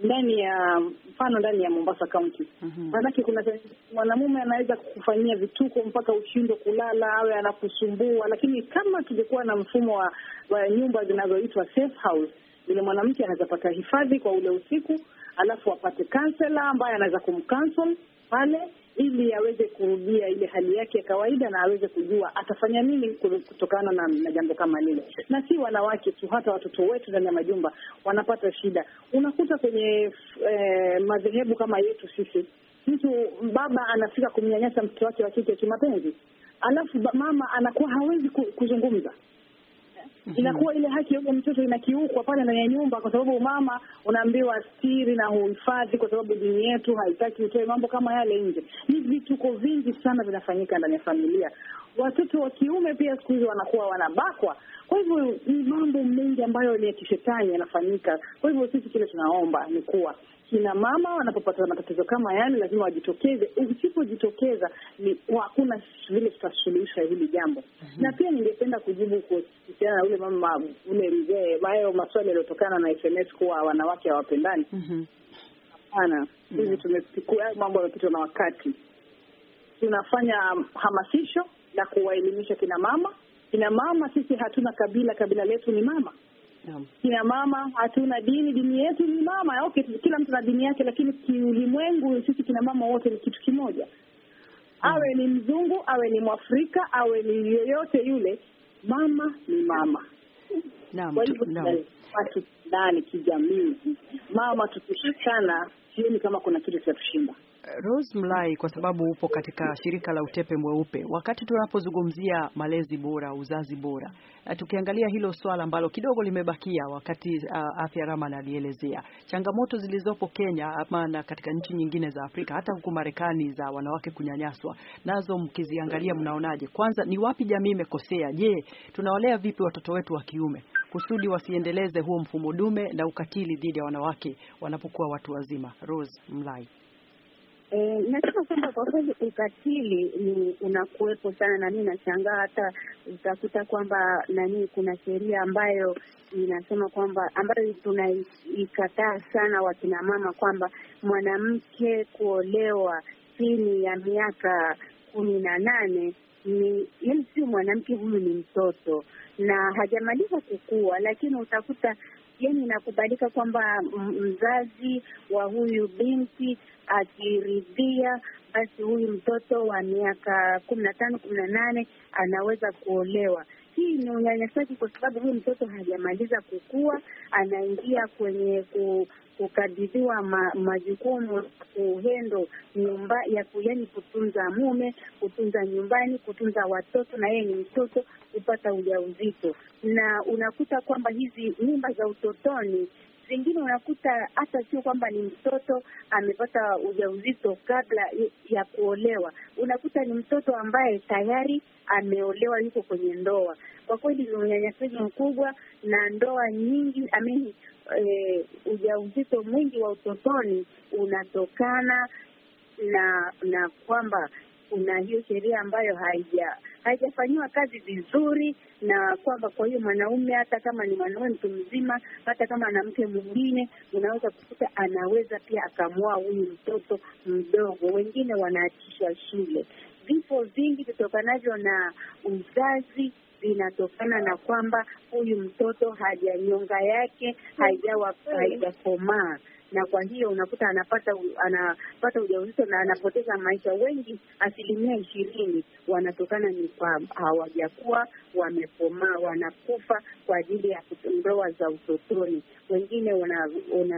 ndani ya mfano ndani ya Mombasa County. Mhm. Maanake kuna mwanamume anaweza kukufanyia vituko mpaka ushindwe kulala, awe anakusumbua, lakini kama tulikuwa na mfumo wa, wa nyumba zinazoitwa safe house, yule mwanamke anaweza pata hifadhi kwa ule usiku, alafu apate counselor ambaye anaweza kumcounsel pale ili aweze kurudia ile hali yake ya kawaida na aweze kujua atafanya nini kutokana na, na jambo kama lile. Na si wanawake tu, hata watoto wetu ndani ya majumba wanapata shida. Unakuta kwenye eh, madhehebu kama yetu sisi, mtu baba anafika kumnyanyasa mtoto wake wa kike kimapenzi, alafu mama anakuwa hawezi kuzungumza -hmm. Inakuwa ile haki ya mtoto inakiukwa pale ndani ya nyumba, kwa sababu mama unaambiwa siri na huhifadhi, kwa sababu dini yetu haitaki utoe mambo kama yale nje. Ni vituko vingi sana vinafanyika ndani ya familia. Watoto wa kiume pia siku hizi wanakuwa wanabakwa. Kwa hivyo ni mambo mengi ambayo ni ya kishetani yanafanyika. Kwa hivyo sisi kile tunaomba ni kuwa kina mama wanapopata matatizo kama yale lazima wajitokeze. Usipojitokeza ni hakuna vile tutasuluhisha hili jambo. mm -hmm. Na pia ningependa kujibu kuhusiana na ule mama ule mzee, hayo maswali yaliyotokana na SMS kuwa wanawake hawapendani. Mhm. Hapana. mm -hmm. Hivi hizi hayo mambo yamepitwa na wakati. Tunafanya hamasisho la kuwaelimisha kina mama. Kina mama sisi hatuna kabila, kabila letu ni mama kina mama hatuna dini, dini yetu ni mama. Okay, kila mtu na dini yake, lakini kiulimwengu sisi kina mama wote ni kitu kimoja. Awe ni mzungu, awe ni Mwafrika, awe ni yoyote yule, mama ni mama. Kwa naam. kijamii, mama tukishikana, sioni kama kuna kitu kushinda Rose Mlai, kwa sababu upo katika shirika la utepe mweupe, wakati tunapozungumzia malezi bora, uzazi bora, tukiangalia hilo swala ambalo kidogo limebakia, wakati uh, Afya Rama alielezea changamoto zilizopo Kenya ama na katika nchi nyingine za Afrika, hata huku Marekani, za wanawake kunyanyaswa, nazo mkiziangalia, mnaonaje? Kwanza ni wapi jamii imekosea? Je, tunawalea vipi watoto wetu wa kiume kusudi wasiendeleze huo mfumo dume na ukatili dhidi ya wanawake wanapokuwa watu wazima? Rose Mlai. E, nasema kwamba kwa kweli ukatili ni unakuwepo sana, na mi nashangaa hata utakuta kwamba nani, kuna sheria ambayo inasema kwamba ambayo tunaikataa sana wakina mama kwamba mwanamke kuolewa chini ya miaka kumi na nane ni yani, sio mwanamke huyu, ni mtoto na hajamaliza kukua, lakini utakuta Je, inakubalika kwamba mzazi wa huyu binti akiridhia basi huyu mtoto wa miaka kumi na tano kumi na nane anaweza kuolewa? hii ni unyanyasaji, kwa sababu huyu mtoto hajamaliza kukua, anaingia kwenye ku, kukabidhiwa ma, majukumu kuhendo nyumba ya yaani, kutunza mume, kutunza nyumbani, kutunza watoto, na yeye ni mtoto, kupata ujauzito, na unakuta kwamba hizi mimba za utotoni zingine unakuta hata sio kwamba ni mtoto amepata ujauzito kabla ya kuolewa, unakuta ni mtoto ambaye tayari ameolewa, yuko kwenye ndoa. Kwa kweli ni unyanyasaji mkubwa, na ndoa nyingi amini, e, eh, ujauzito mwingi wa utotoni unatokana na na kwamba kuna hiyo sheria ambayo haija haijafanyiwa kazi vizuri, na kwamba kwa hiyo mwanaume hata kama ni mwanaume mtu mzima, hata kama ana mke mwingine, unaweza kukuta anaweza pia akamwoa huyu mtoto mdogo. Wengine wanaachisha shule. Vifo vingi vitokanavyo na uzazi vinatokana na kwamba huyu mtoto haja nyonga yake haijawa haijakomaa na kwa hiyo unakuta anapata anapata ujauzito na anapoteza maisha. Wengi asilimia ishirini wanatokana ni kwa hawajakuwa wamekomaa, wanakufa kwa ajili ya ndoa za utotoni. Wengine wana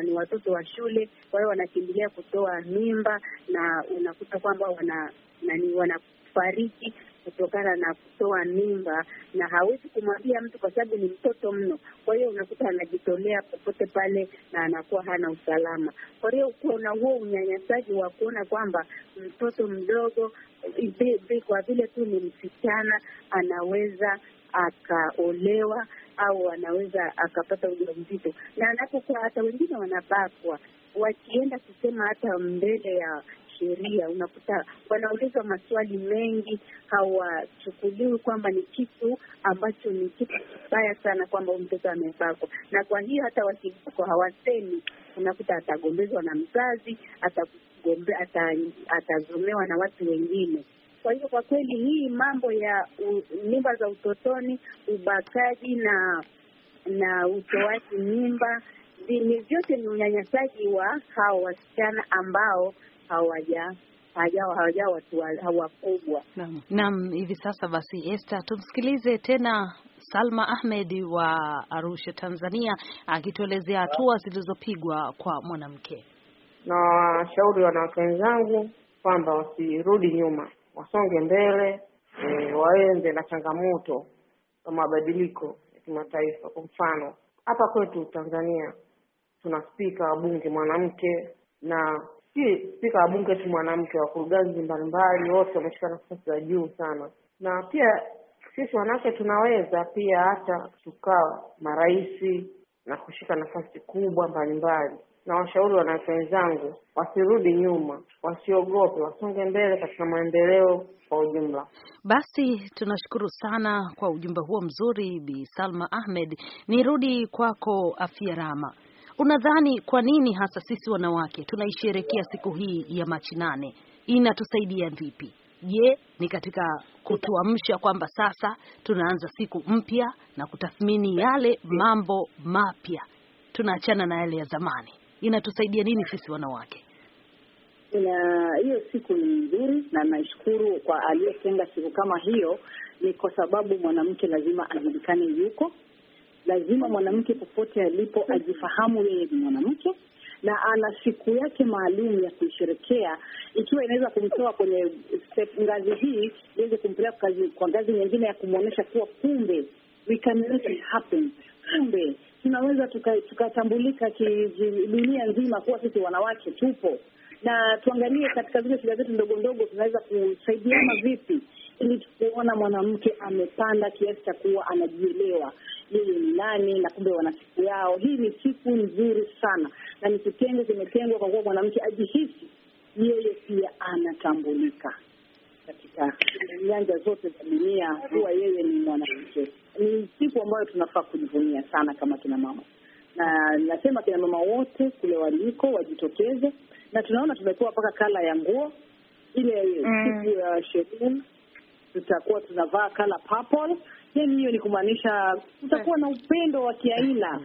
ni watoto wa shule, kwa hiyo wanakimbilia kutoa mimba na unakuta kwamba wana nani wanafariki kutokana na kutoa mimba, na hawezi kumwambia mtu kwa sababu ni mtoto mno. Kwa hiyo unakuta anajitolea popote pale na anakuwa hana usalama. Kwa hiyo kuna huo unyanyasaji wa kuona kwamba mtoto mdogo eh, kwa vile tu ni msichana anaweza akaolewa au anaweza akapata ujauzito, na anapokuwa hata wengine wanabakwa wakienda kusema hata mbele ya sheria, unakuta wanaulizwa maswali mengi, hawachukuliwi kwamba ni kitu ambacho ni kitu kibaya sana kwamba huyu mtoto amebakwa. Na kwa hiyo hata wakibakwa hawasemi, unakuta atagombezwa na mzazi, atazomewa na watu wengine. Kwa hiyo kwa kweli hii mambo ya mimba za utotoni, ubakaji na na utoaji mimba ni vyote ni unyanyasaji wa hao wasichana ambao hawaja hawajawa hawajawa watu hawakubwa. Naam, naam. Hivi sasa basi, Esther, tumsikilize tena Salma Ahmed wa Arusha, Tanzania, akituelezea hatua zilizopigwa kwa mwanamke. Na washauri wanawake wenzangu kwamba wasirudi nyuma, wasonge mbele, e, waende na changamoto za mabadiliko ya kimataifa. Kwa mfano hapa kwetu Tanzania tuna spika wa bunge mwanamke na si spika wa bunge tu mwanamke, wakurugenzi mbalimbali wote wameshika nafasi za juu sana, na pia sisi wanawake tunaweza pia hata tukawa maraisi na kushika nafasi kubwa mbalimbali na washauri wanawake wenzangu wasirudi nyuma, wasiogope, wasonge mbele katika maendeleo kwa ujumla. Basi tunashukuru sana kwa ujumbe huo mzuri, Bi Salma Ahmed. Nirudi kwako Afia Rama, Unadhani kwa nini hasa sisi wanawake tunaisherekea siku hii ya Machi nane? Inatusaidia vipi? Je, ni katika kutuamsha kwamba sasa tunaanza siku mpya na kutathmini yale mambo mapya, tunaachana na yale ya zamani. Inatusaidia nini sisi wanawake? Ina hiyo siku ni nzuri, na naishukuru kwa aliyetenga siku kama hiyo, ni kwa sababu mwanamke lazima ajulikane yuko lazima mwanamke popote alipo ajifahamu yeye ni mwanamke na ana siku yake maalum ya kuisherekea, ikiwa inaweza kumtoa kwenye step ngazi hii iweze kumpeleka kwa ngazi nyingine ya kumwonyesha kuwa kumbe we can make it happen, kumbe tunaweza tukatambulika tuka dunia nzima kuwa sisi wanawake tupo, na tuangalie katika zile shida zetu ndogo ndogo tunaweza kusaidiana vipi ili kuona mwanamke amepanda kiasi cha kuwa anajielewa mimi ni nani, na kumbe wana siku yao. Hii ni siku nzuri sana, na ni kitengo kimetengwa kwa kuwa mwanamke ajihisi yeye pia anatambulika katika nyanja zote za dunia, kuwa yeye ni mwanamke. Ni siku ambayo tunafaa kujivunia sana kama kina mama, na nasema kina mama wote kule waliko wajitokeze, na tunaona tumepewa mpaka kala ya nguo ile mm. siku ya sherehe tutakuwa tunavaa kala purple Yani hiyo ni kumaanisha utakuwa na upendo wa kiaina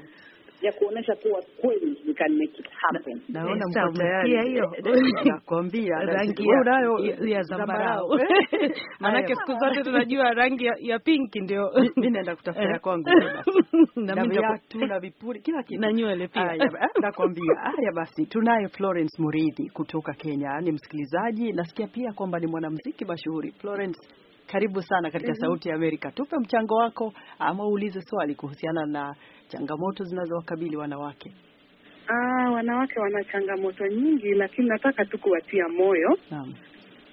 ya kuonesha kuwa kweli we can make it happen. Naona mko hiyo, *laughs* nakwambia rangi unayo *laughs* ya zambarau, *laughs* maanake siku zote tunajua rangi ya pinki. Ndio mimi naenda kutafuta eh. kwangu, na viatu na vipuri, kila kitu na nywele pia, eh, nakwambia. Haya basi, tunaye Florence Muridhi kutoka Kenya, ni msikilizaji, nasikia pia kwamba ni mwanamuziki mashuhuri. Florence, karibu sana katika mm -hmm. Sauti ya Amerika. Tupe mchango wako ama uulize swali kuhusiana na changamoto zinazowakabili wanawake. Aa, ah, wanawake wana changamoto nyingi, lakini nataka tu kuwatia moyo Naam.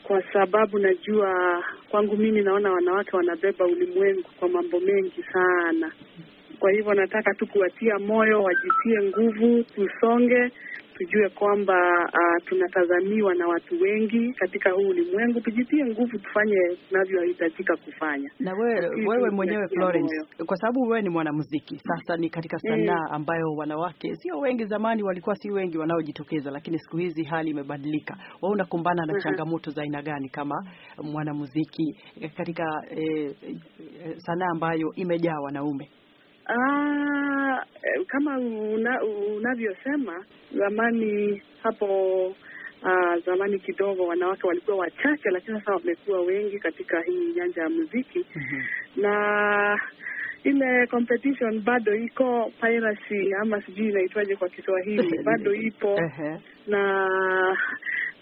Kwa sababu najua kwangu mimi naona wanawake wanabeba ulimwengu kwa mambo mengi sana. Kwa hivyo nataka tu kuwatia moyo, wajitie nguvu, tusonge tujue kwamba uh, tunatazamiwa na watu wengi katika huu ulimwengu. Tujitie nguvu, tufanye tunavyohitajika kufanya. Na wewe wewe mwenyewe Florence, kwa sababu wewe ni mwanamuziki sasa, ni katika mm. sanaa ambayo wanawake sio wengi, zamani walikuwa si wengi wanaojitokeza, lakini siku hizi hali imebadilika. Wewe unakumbana na mm-hmm. changamoto za aina gani kama mwanamuziki eh, katika eh, eh, sanaa ambayo imejaa wanaume? Ah, kama una, unavyosema zamani hapo Uh, zamani kidogo wanawake walikuwa wachache, lakini sasa wamekuwa wengi katika hii nyanja ya muziki mhm. Na ile competition bado iko, piracy ama sijui inaitwaje kwa Kiswahili *laughs* bado ipo na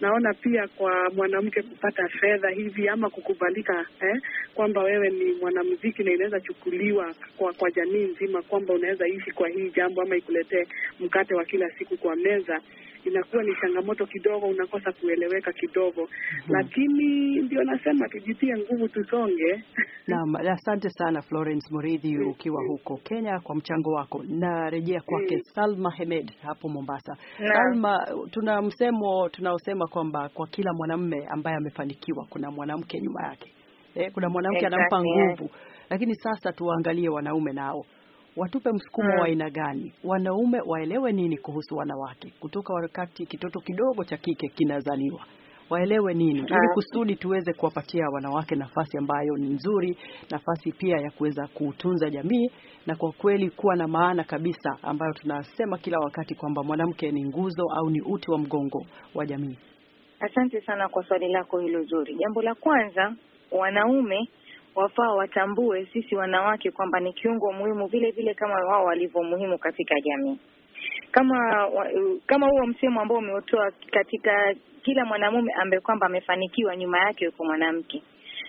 naona pia kwa mwanamke kupata fedha hivi ama kukubalika eh, kwamba wewe ni mwanamuziki na inaweza chukuliwa kwa, kwa jamii nzima kwamba unaweza ishi kwa hii jambo ama ikuletee mkate wa kila siku kwa meza inakuwa ni changamoto kidogo, unakosa kueleweka kidogo mm -hmm. Lakini ndio nasema tujitie nguvu, tusonge. *laughs* Naam, asante sana Florence Muridhi ukiwa huko Kenya kwa mchango wako. Narejea kwake mm -hmm. Salma Hemed hapo Mombasa na. Salma, tuna msemo tunaosema kwamba kwa kila mwanamume ambaye amefanikiwa kuna mwanamke nyuma yake. Eh, kuna mwanamke anampa nguvu, lakini sasa tuwaangalie wanaume nao watupe msukumo hmm, wa aina gani? Wanaume waelewe nini kuhusu wanawake kutoka wakati kitoto kidogo cha kike kinazaliwa waelewe nini ili kusudi tuweze kuwapatia wanawake nafasi ambayo ni nzuri, nafasi pia ya kuweza kutunza jamii na kwa kweli kuwa na maana kabisa ambayo tunasema kila wakati kwamba mwanamke ni nguzo au ni uti wa mgongo wa jamii. Asante sana kwa swali lako hilo zuri. Jambo la kwanza, wanaume wafaa watambue sisi wanawake kwamba ni kiungo muhimu vile vile kama wao walivyo muhimu katika jamii. Kama kama huo msemo ambao umeotoa katika kila mwanamume ambaye kwamba amefanikiwa, nyuma yake yuko mwanamke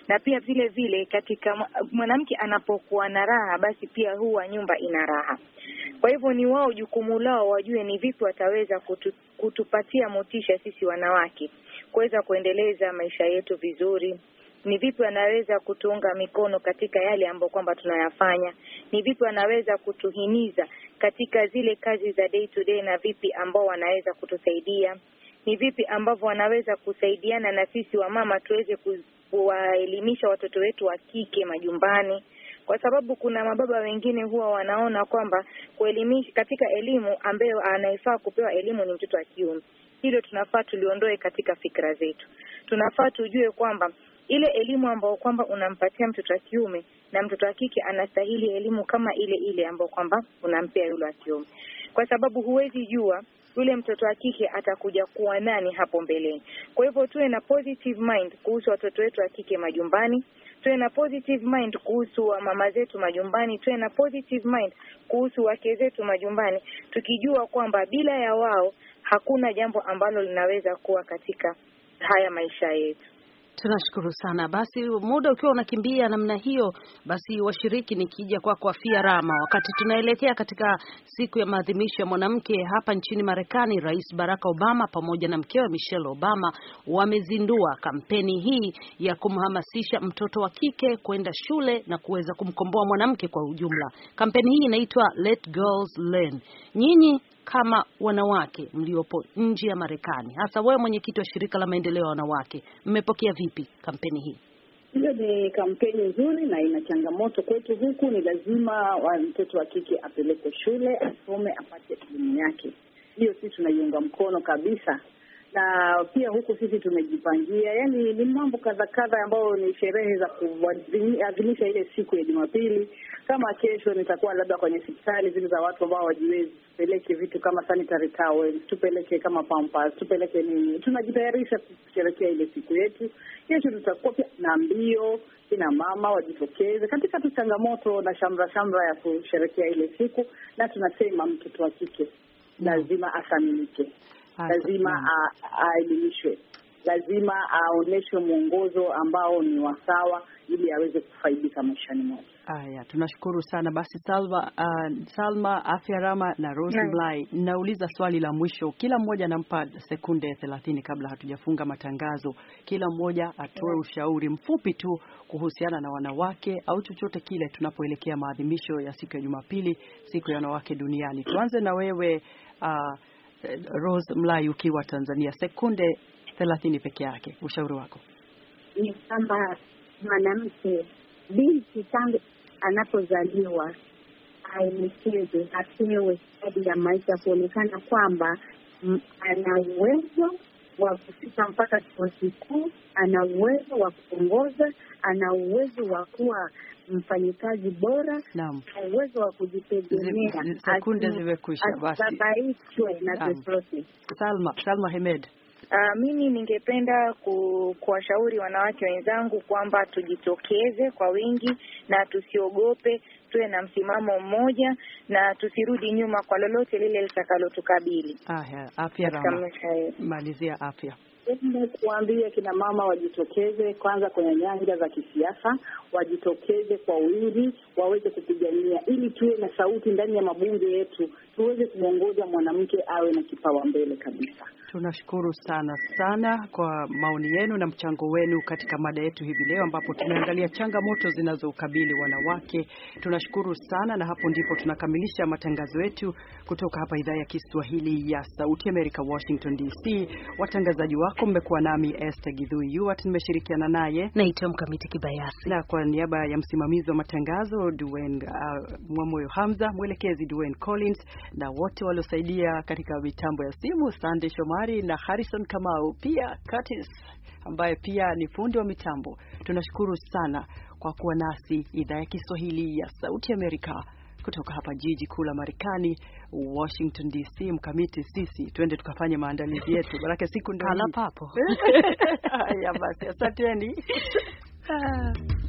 na pia vile vile katika mwanamke anapokuwa na raha, basi pia huwa nyumba ina raha. Kwa hivyo ni wao jukumu lao wajue ni vipi wataweza kutu, kutupatia motisha sisi wanawake kuweza kuendeleza maisha yetu vizuri, ni vipi anaweza kutuunga mikono katika yale ambayo kwamba tunayafanya, ni vipi anaweza kutuhimiza katika zile kazi za day to day, na vipi ambao wanaweza kutusaidia, ni vipi ambavyo wanaweza kusaidiana na sisi wamama tuweze kuwaelimisha watoto wetu wa kike majumbani kwa sababu kuna mababa wengine huwa wanaona kwamba kuelimisha katika elimu ambayo anayefaa kupewa elimu ni mtoto wa kiume. Hilo tunafaa tuliondoe katika fikra zetu. Tunafaa tujue kwamba ile elimu ambayo kwamba unampatia mtoto wa kiume na mtoto wa kike anastahili elimu kama ile ile ambayo kwamba unampea yule wa kiume, kwa sababu huwezi jua yule mtoto wa kike atakuja kuwa nani hapo mbeleni. Kwa hivyo tuwe na positive mind kuhusu watoto wetu wa kike majumbani, tuwe na positive mind kuhusu wa mama zetu majumbani, tuwe na positive mind kuhusu wake zetu majumbani, tukijua kwamba bila ya wao hakuna jambo ambalo linaweza kuwa katika haya maisha yetu. Tunashukuru sana. Basi muda ukiwa unakimbia namna hiyo, basi washiriki, nikija kwako kwa Afia Rama, wakati tunaelekea katika siku ya maadhimisho ya mwanamke hapa nchini Marekani, Rais Barack Obama pamoja na mkewe Michelle Obama wamezindua kampeni hii ya kumhamasisha mtoto wa kike kwenda shule na kuweza kumkomboa mwanamke kwa ujumla. Kampeni hii inaitwa Let Girls Learn. Nyinyi kama wanawake mliopo nje ya Marekani, hasa wewe mwenyekiti wa shirika la maendeleo ya wanawake, mmepokea vipi kampeni hii? Hiyo ni kampeni nzuri na ina changamoto kwetu huku. Ni lazima mtoto wa kike apelekwe shule, asome, apate elimu yake. Hiyo sisi tunaiunga mkono kabisa, na pia huku sisi tumejipangia, yani ni mambo kadha kadha ambayo ni sherehe za kuadhimisha ile siku ya Jumapili. Kama kesho nitakuwa labda kwenye hospitali zile za watu ambao hawajiwezi, tupeleke vitu kama sanitary tupeleke kama pampers, tupeleke nini. Tunajitayarisha kusherekea ile siku yetu. Kesho tutakuwa pia na mbio, kina mama wajitokeze katika tu changamoto na shamra shamra ya kusherekea ile siku, na tunasema mtoto wa kike lazima athaminike lazima aelimishwe, lazima aonyeshwe mwongozo ambao ni wa sawa, ili aweze kufaidika maishani mwake. Haya, tunashukuru sana basi Salma, uh, Salma Afya Rama na Rose yeah. Mlai, nauliza swali la mwisho. Kila mmoja anampa sekunde thelathini kabla hatujafunga matangazo, kila mmoja atoe yeah. ushauri mfupi tu kuhusiana na wanawake au chochote kile, tunapoelekea maadhimisho ya siku ya Jumapili, siku ya wanawake duniani. Tuanze na wewe uh, Rose Mlai ukiwa Tanzania, sekunde thelathini peke yake, ushauri wako ni kwamba mwanamke binti tangu anapozaliwa aelekezwe, apewe stadi ya maisha, kuonekana kwamba ana uwezo wa kufika mpaka chuo kikuu, ana uwezo wa kuongoza, ana uwezo wa kuwa mfanyikazi bora na uwezo wa kujitegemea. Sekunde zimekwisha basi. Salma, Salma Hemed. Uh, mimi ningependa ku, kuwashauri wanawake wenzangu kwamba tujitokeze kwa wingi na tusiogope, tuwe na msimamo mmoja na tusirudi nyuma kwa lolote lile litakalotukabili. Ah, afya Rama, malizia afya kuambia kina mama wajitokeze kwanza kwenye nyanja za kisiasa, wajitokeze kwa wingi, waweze kupigania ili tuwe na sauti ndani ya mabunge yetu, tuweze kumwongoza mwanamke awe na kipawa mbele kabisa. Tunashukuru sana sana kwa maoni yenu na mchango wenu katika mada yetu hivi leo, ambapo tumeangalia changamoto zinazoukabili wanawake. Tunashukuru sana, na hapo ndipo tunakamilisha matangazo yetu kutoka hapa idhaa ya Kiswahili ya Sauti Amerika, Washington DC. Watangazaji wako mmekuwa nami Esther Gidhui Yuat, nimeshirikiana naye naitwa Mkamiti Kibayasi, na kwa niaba ya msimamizi wa matangazo Duen uh, Mwamoyo Hamza, mwelekezi Duen Collins, na wote waliosaidia katika mitambo ya simu Sande Shoma Shomari na Harrison Kamau, pia Curtis ambaye pia ni fundi wa mitambo. Tunashukuru sana kwa kuwa nasi idhaa ya Kiswahili ya Sauti Amerika kutoka hapa jiji kuu la Marekani Washington DC. Mkamiti, sisi twende tukafanye maandalizi yetu, *laughs* manake siku ndio hapo. *laughs* Haya basi, asanteni. *laughs*